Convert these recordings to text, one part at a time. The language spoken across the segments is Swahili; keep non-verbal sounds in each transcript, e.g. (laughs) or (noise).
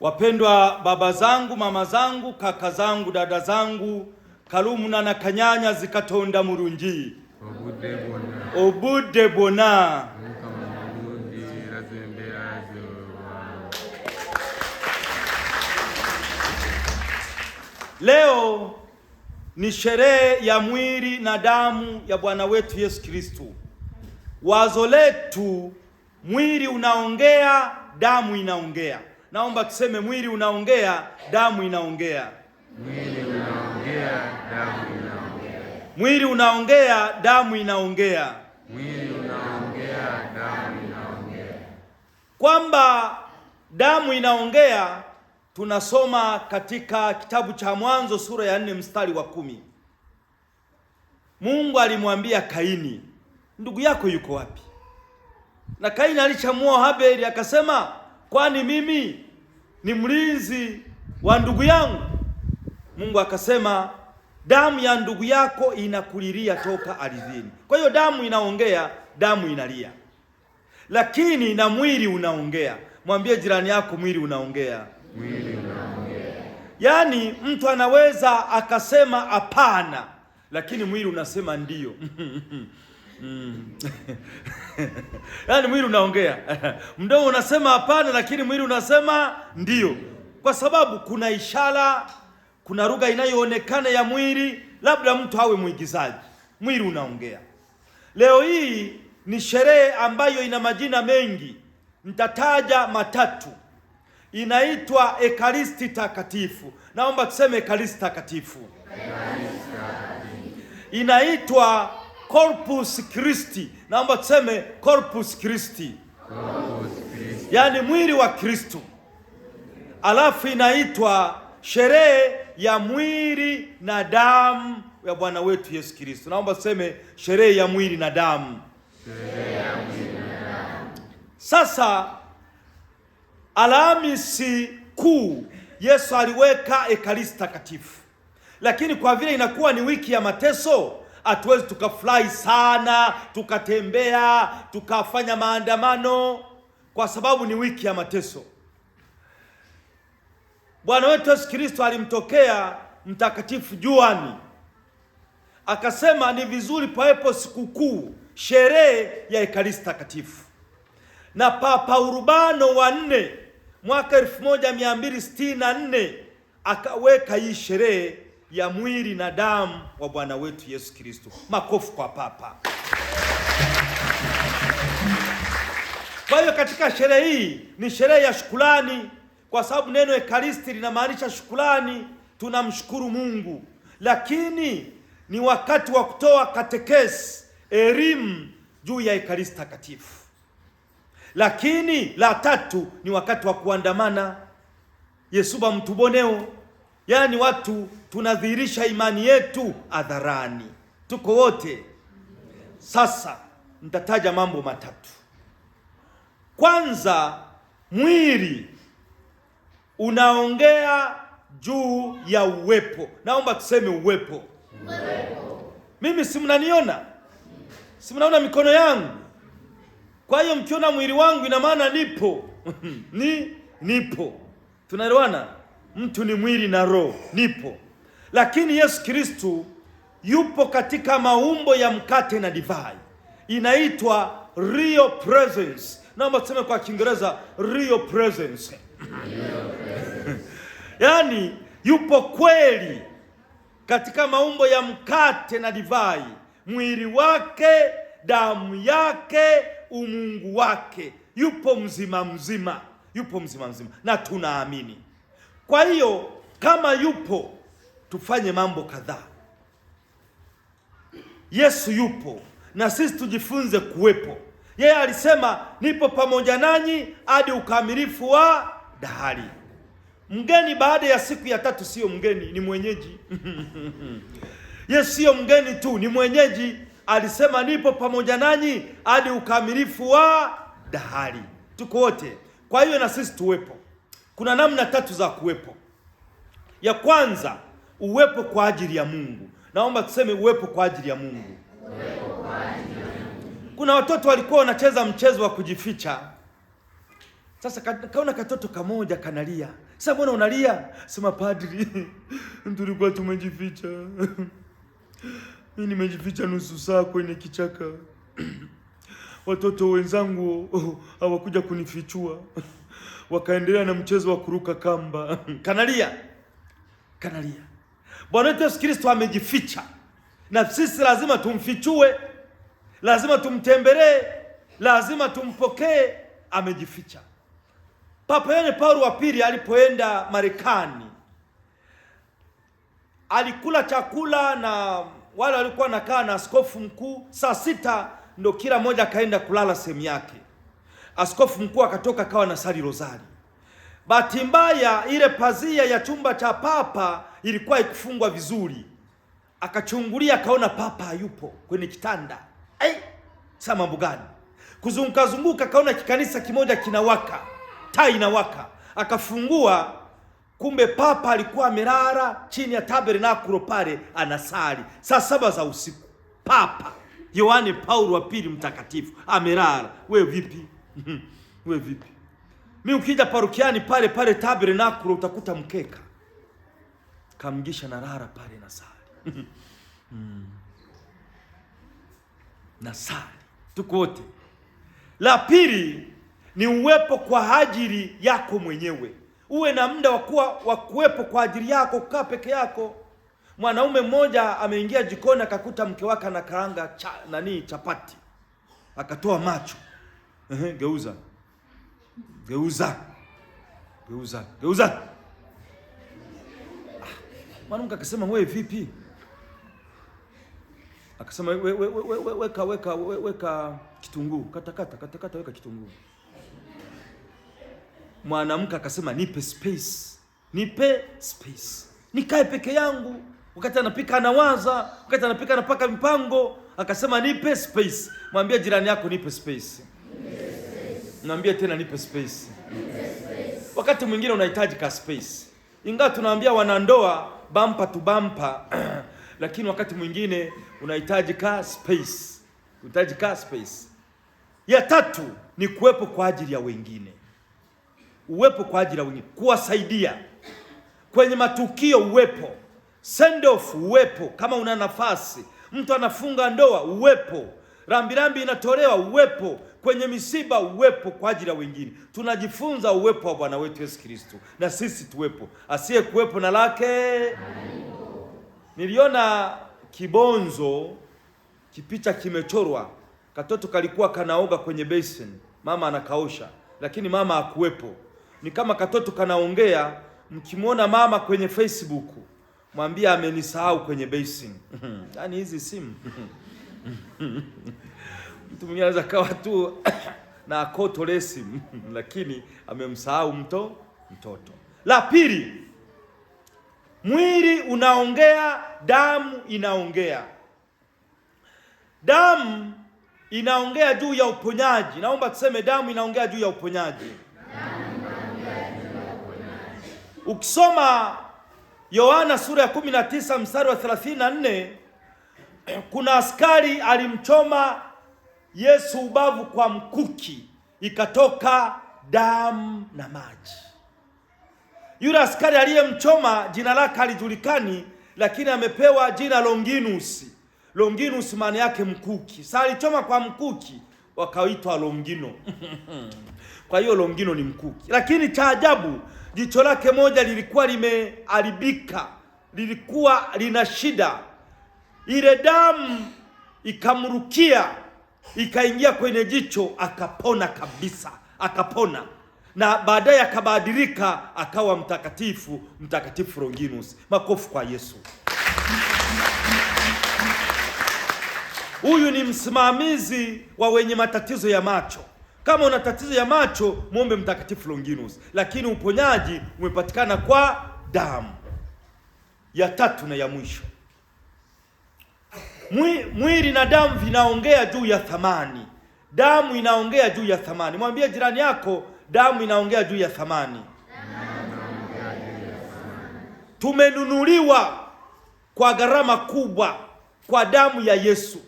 Wapendwa baba zangu, mama zangu, kaka zangu, dada zangu, kalumuna na kanyanya zikatonda murungi obude bona Leo ni sherehe ya mwili na damu ya Bwana wetu Yesu Kristo. Wazo letu, mwili unaongea, damu inaongea naomba tuseme mwili unaongea, damu inaongea. Mwili unaongea, damu inaongea. Mwili unaongea, damu inaongea. Mwili unaongea, damu inaongea. Kwamba damu inaongea tunasoma katika kitabu cha Mwanzo sura ya nne mstari wa kumi. Mungu alimwambia Kaini, ndugu yako yuko wapi? Na Kaini alichamua Habeli akasema kwani mimi ni mlinzi wa ndugu yangu? Mungu akasema damu ya ndugu yako inakulilia toka ardhini. Kwa hiyo damu inaongea, damu inalia, lakini na mwili unaongea. Mwambie jirani yako, mwili unaongea, mwili unaongea. Yaani mtu anaweza akasema hapana, lakini mwili unasema ndiyo. (laughs) Mm. (laughs) Yaani mwili unaongea. (laughs) Mdomo unasema hapana, lakini mwili unasema ndiyo, kwa sababu kuna ishara, kuna lugha inayoonekana ya mwili. Labda mtu awe mwigizaji, mwili unaongea. Leo hii ni sherehe ambayo ina majina mengi, nitataja matatu. Inaitwa Ekaristi Takatifu. Naomba tuseme Ekaristi Takatifu. Inaitwa Corpus Christi, naomba tuseme Corpus Christi, yaani mwili wa Kristo. Alafu inaitwa sherehe ya mwili na damu ya Bwana wetu Yesu Kristo. Naomba tuseme sherehe ya mwili na damu. Sasa Alhamisi Kuu Yesu aliweka ekaristi takatifu, lakini kwa vile inakuwa ni wiki ya mateso hatuwezi tukafurahi sana tukatembea tukafanya maandamano kwa sababu ni wiki ya mateso. Bwana wetu Yesu Kristo alimtokea Mtakatifu Juani akasema ni vizuri pawepo sikukuu, sherehe ya Ekaristi Takatifu, na Papa Urubano wa nne mwaka elfu moja mia mbili sitini na nne akaweka hii sherehe ya mwili na damu wa Bwana wetu Yesu Kristo. makofu kwa Papa. Kwa hiyo katika sherehe hii ni sherehe ya shukulani, kwa sababu neno ekaristi linamaanisha shukulani Tunamshukuru Mungu, lakini ni wakati wa kutoa katekesi, elimu juu ya ekaristi takatifu. Lakini la tatu ni wakati wa kuandamana yesuba mtuboneo Yaani watu tunadhihirisha imani yetu hadharani, tuko wote. Sasa nitataja mambo matatu. Kwanza, mwili unaongea juu ya uwepo. Naomba tuseme uwepo, uwepo. Mimi si mnaniona, si mnaona mikono yangu? Kwa hiyo mkiona mwili wangu, ina maana nipo (laughs) ni nipo, tunaelewana? mtu ni mwili na roho, nipo. Lakini Yesu Kristu yupo katika maumbo ya mkate na divai, inaitwa real presence. Naomba tuseme kwa Kiingereza real presence, real (laughs) presence. Yaani, yupo kweli katika maumbo ya mkate na divai, mwili wake, damu yake, umungu wake, yupo mzima mzima, yupo mzima mzima, na tunaamini kwa hiyo kama yupo, tufanye mambo kadhaa. Yesu yupo na sisi tujifunze kuwepo. Yeye alisema nipo pamoja nanyi hadi ukamilifu wa dahari. Mgeni baada ya siku ya tatu siyo mgeni, ni mwenyeji (laughs) Yesu siyo mgeni tu, ni mwenyeji. Alisema nipo pamoja nanyi hadi ukamilifu wa dahari. Tuko wote, kwa hiyo na sisi tuwepo. Kuna namna tatu za kuwepo. Ya kwanza, uwepo kwa ajili ya Mungu. Naomba tuseme uwepo kwa ajili ya Mungu. Kuna watoto walikuwa wanacheza mchezo wa kujificha. Sasa kaona katoto kamoja kanalia. Sasa mbona unalia? Sema padri, (laughs) tulikuwa tumejificha (laughs) mi nimejificha nusu saa kwenye kichaka (clears throat) watoto wenzangu (laughs) hawakuja kunifichua wakaendelea na mchezo wa kuruka kamba. (laughs) Kanalia, kanalia. Bwana wetu Yesu Kristo amejificha, na sisi lazima tumfichue, lazima tumtembelee, lazima tumpokee. Amejificha. Papa Yohane Paulo wa pili alipoenda Marekani alikula chakula na wale walikuwa nakaa na askofu mkuu. Saa sita ndo kila mmoja akaenda kulala sehemu yake askofu mkuu akatoka akawa na sali rozari. Bahati mbaya ile pazia ya chumba cha papa ilikuwa ikufungwa vizuri, akachungulia akaona papa hayupo kwenye kitanda. Ai, sa mambo gani? Kuzunguka zunguka akaona kikanisa kimoja kinawaka, taa inawaka, akafungua kumbe papa alikuwa amelala chini ya tabernakulo pale anasali saa saba za usiku. Papa Yohane Paulo wa pili mtakatifu amelala. We vipi? (laughs) we vipi? Mi ukija parukiani pale pale tabernakulo utakuta mkeka kamgisha na rara pale na sali (laughs) mm. na sali tuko wote. La pili ni uwepo kwa ajili yako mwenyewe, uwe na muda wa kuwepo kwa ajili yako, kukaa peke yako. Mwanaume mmoja ameingia jikoni akakuta mke wake anakaranga cha, nani chapati, akatoa macho geuza geuza geuza geuza. Ah, Mwanamke akasema wewe vipi? Akasema wewe wewe wewe weka weka weka kitunguu. Kata kitunguu kata kata weka kitunguu. Mwanamke akasema nipe space, nipe space, nikae peke yangu. Wakati anapika anawaza, wakati anapika anapaka mpango. Akasema nipe space, mwambie jirani yako nipe space. Naambia tena nipe space. Wakati mwingine unahitaji ka space, ingawa tunaambia wanandoa bampa tu bampa lakini wakati mwingine unahitaji ka space, unahitaji ka space. Ya tatu ni kuwepo kwa ajili ya wengine, uwepo kwa ajili ya wengine, kuwasaidia kwenye matukio, uwepo send off, uwepo kama una nafasi, mtu anafunga ndoa, uwepo rambirambi inatolewa, uwepo kwenye misiba uwepo kwa ajili ya wengine. Tunajifunza uwepo wa Bwana wetu Yesu Kristo, na sisi tuwepo, asiye kuwepo na lake. Niliona kibonzo kipicha kimechorwa, katoto kalikuwa kanaoga kwenye basin, mama anakaosha, lakini mama hakuwepo. Ni kama katoto kanaongea. Mkimwona mama kwenye Facebook mwambie amenisahau kwenye basin. (laughs) Yaani hizi simu (laughs) (laughs) mtu mwenyewe anaweza kawa tu (coughs) na lesi (coughs) lakini amemsahau mto mtoto. La pili, mwili unaongea, damu inaongea. Damu inaongea juu ya uponyaji. Naomba tuseme damu inaongea juu ya uponyaji. Ukisoma Yohana sura ya 19 mstari wa 34 kuna askari alimchoma Yesu ubavu kwa mkuki, ikatoka damu na maji. Yule askari aliyemchoma jina lake halijulikani, lakini amepewa jina Longinus. Longinus maana yake mkuki. Sasa alichoma kwa mkuki, wakaitwa Longino. (laughs) Kwa hiyo Longino ni mkuki, lakini cha ajabu, jicho lake moja lilikuwa limeharibika, lilikuwa lina shida ile damu ikamrukia ikaingia kwenye jicho, akapona kabisa, akapona na baadaye akabadilika akawa mtakatifu, mtakatifu Longinus. Makofu kwa Yesu. Huyu ni msimamizi wa wenye matatizo ya macho. Kama una tatizo ya macho, muombe mtakatifu Longinus, lakini uponyaji umepatikana kwa damu. Ya tatu na ya mwisho Mwili na damu vinaongea juu ya thamani. Damu inaongea juu ya thamani. Mwambie jirani yako, damu inaongea juu ya thamani. Tumenunuliwa kwa gharama kubwa, kwa damu ya Yesu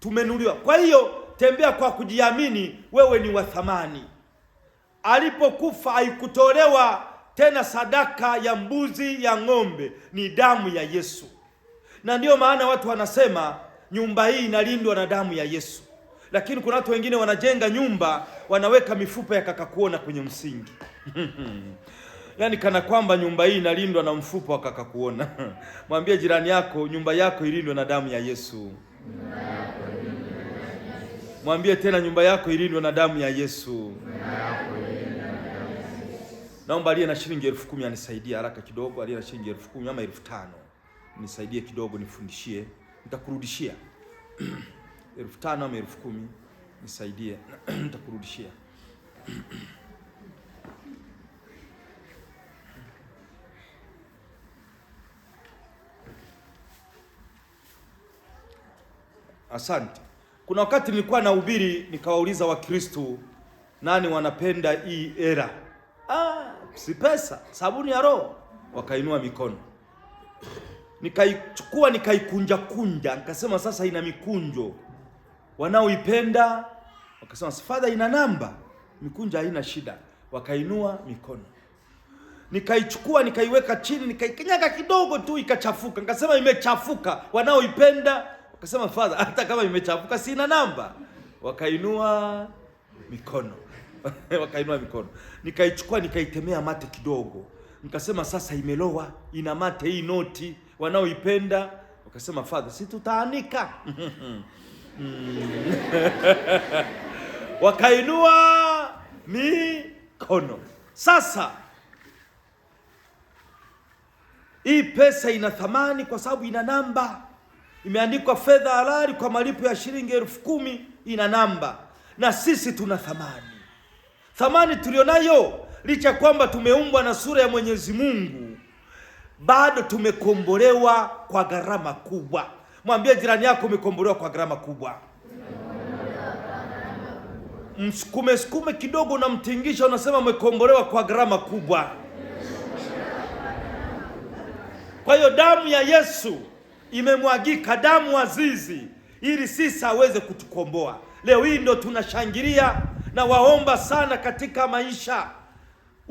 tumenunuliwa. Kwa hiyo tembea kwa kujiamini, wewe ni wa thamani. Alipokufa haikutolewa tena sadaka ya mbuzi ya ng'ombe, ni damu ya Yesu na ndiyo maana watu wanasema nyumba hii inalindwa na damu ya Yesu. Lakini kuna watu wengine wanajenga nyumba, wanaweka mifupa ya kaka kuona kwenye msingi (laughs) yaani kana kwamba nyumba hii inalindwa na mfupa wa kaka kuona. (laughs) Mwambie jirani yako, nyumba yako ilindwe na damu ya Yesu. Mwambie tena, nyumba yako ilindwe na damu ya Yesu. Naomba aliye na shilingi elfu kumi anisaidia haraka kidogo, aliye na shilingi elfu kumi ama elfu tano nisaidie kidogo, nifundishie, nitakurudishia (clears throat) elfu tano ama elfu kumi nisaidie, (clears throat) nitakurudishia (clears throat) Asante. Kuna wakati nilikuwa nahubiri nikawauliza Wakristo nani wanapenda hii era? Ah, si pesa, sabuni ya Roho. Wakainua mikono nikaichukua nikaikunja kunja, nikasema sasa ina mikunjo. Wanaoipenda wakasema sifadha ina namba, mikunjo haina shida. Wakainua mikono, nikaichukua nikaiweka chini, nikaikanyaga kidogo tu, ikachafuka. Nikasema imechafuka. Wanaoipenda wakasema fadha, hata kama imechafuka si ina namba. Wakainua mikono (laughs) wakainua mikono, nikaichukua nikaitemea mate kidogo, nikasema sasa imelowa, ina mate hii noti wanaoipenda wakasema, Father, si tutaanika (laughs) wakainua mikono. Sasa hii pesa ina thamani kwa sababu ina namba, imeandikwa fedha halali kwa malipo ya shilingi elfu kumi. Ina namba na sisi tuna thamani. Thamani tulionayo licha kwamba tumeumbwa na sura ya Mwenyezi Mungu bado tumekombolewa kwa gharama kubwa. Mwambie jirani yako umekombolewa kwa gharama kubwa. Msukume sukume kidogo, unamtingisha, unasema umekombolewa kwa gharama kubwa. Kwa hiyo damu ya Yesu imemwagika, damu azizi, ili sisi aweze kutukomboa. Leo hii ndo tunashangilia na waomba sana katika maisha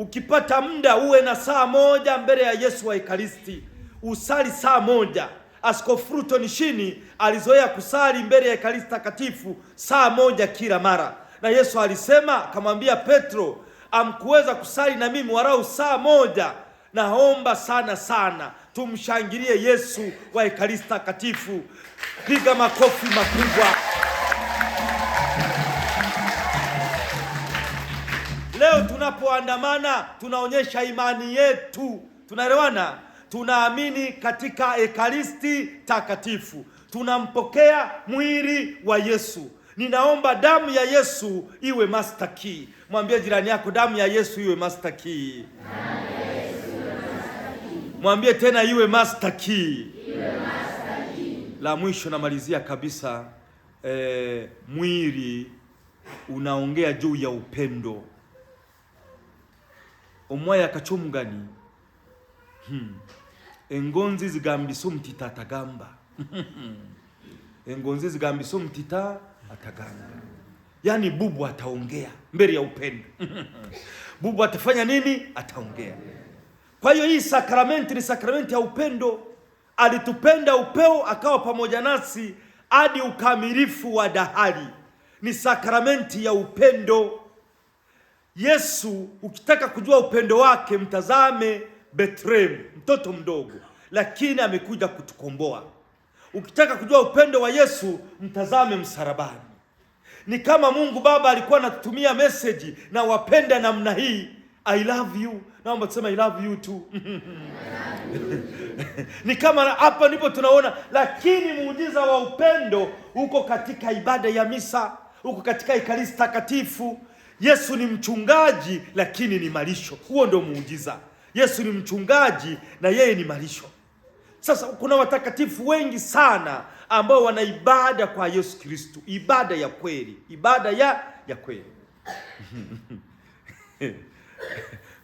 Ukipata muda uwe na saa moja mbele ya Yesu wa Ekaristi, usali saa moja. Askofu Fruto Nishini alizoea kusali mbele ya Ekaristi takatifu saa moja kila mara, na Yesu alisema akamwambia Petro, amkuweza kusali na mimi warau saa moja. Naomba sana sana tumshangilie Yesu wa Ekaristi takatifu, piga makofi makubwa. Leo tunapoandamana tunaonyesha imani yetu, tunaelewana, tunaamini katika Ekaristi Takatifu, tunampokea mwili wa Yesu. Ninaomba damu ya Yesu iwe master key. Mwambie jirani yako, damu ya Yesu iwe master key. Mwambie tena, iwe master key. La mwisho namalizia kabisa, e, mwili unaongea juu ya upendo omwaya akacumugani hmm. engonzi zigambisa omutita atagamba (laughs) engonzi zigambisa omutita atagamba yaani bubu ataongea mbele ya upendo (laughs) bubu atafanya nini ataongea kwa hiyo hii sakramenti ni sakramenti ya upendo alitupenda upeo akawa pamoja nasi hadi ukamilifu wa dahari ni sakramenti ya upendo Yesu, ukitaka kujua upendo wake mtazame Bethlehem, mtoto mdogo, lakini amekuja kutukomboa. Ukitaka kujua upendo wa Yesu mtazame msalabani. Ni kama Mungu Baba alikuwa anatutumia meseji na wapenda namna hii, I love you, naomba tuseme I love you too. (laughs) Ni kama hapa ndipo tunaona, lakini muujiza wa upendo uko katika ibada ya misa, uko katika Ekaristi Takatifu, Yesu ni mchungaji lakini ni malisho. Huo ndio muujiza. Yesu ni mchungaji na yeye ni malisho. Sasa kuna watakatifu wengi sana ambao wana ibada kwa Yesu Kristo, ibada ya kweli, ibada ya ya kweli. (laughs)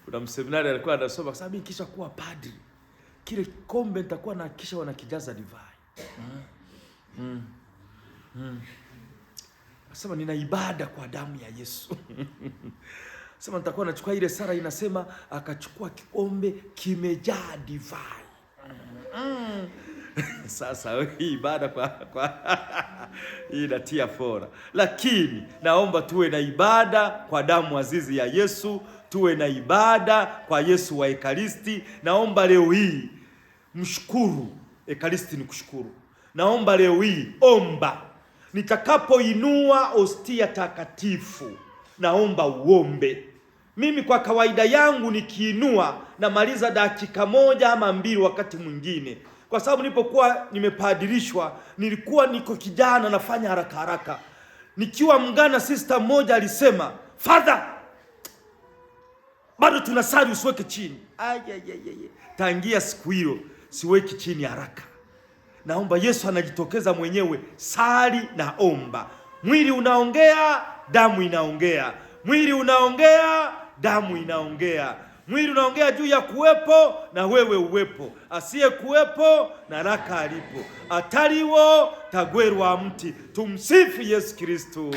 Kuna mseminari alikuwa anasoma kwa sababu kisha kuwa padri, kile kombe nitakuwa na kisha wanakijaza divai mm. Mm. Mm. Sema nina ibada kwa damu ya Yesu. (laughs) Sema nitakuwa nachukua ile Sara inasema akachukua kikombe kimejaa divai. Mm. (laughs) Sasa hii ibada kwa, kwa (laughs) hii inatia fora, lakini naomba tuwe na ibada kwa damu azizi ya Yesu, tuwe na ibada kwa Yesu wa Ekaristi. Naomba leo hii mshukuru Ekaristi, ni kushukuru. Naomba leo hii omba Nitakapoinua ostia takatifu, naomba uombe. Mimi kwa kawaida yangu nikiinua namaliza dakika moja ama mbili, wakati mwingine, kwa sababu nilipokuwa nimepadirishwa nilikuwa niko kijana, nafanya haraka haraka. Nikiwa mgana, sister mmoja alisema, Father, bado tunasali, usiweke chini. Tangia siku hiyo siweki chini haraka naomba Yesu anajitokeza mwenyewe. Sali na omba. Mwili unaongea, damu inaongea. Mwili unaongea, damu inaongea. Mwili unaongea juu ya kuwepo na wewe uwepo, asiye kuwepo na raka alipo ataliwo tagwerwa mti. Tumsifu Yesu Kristo.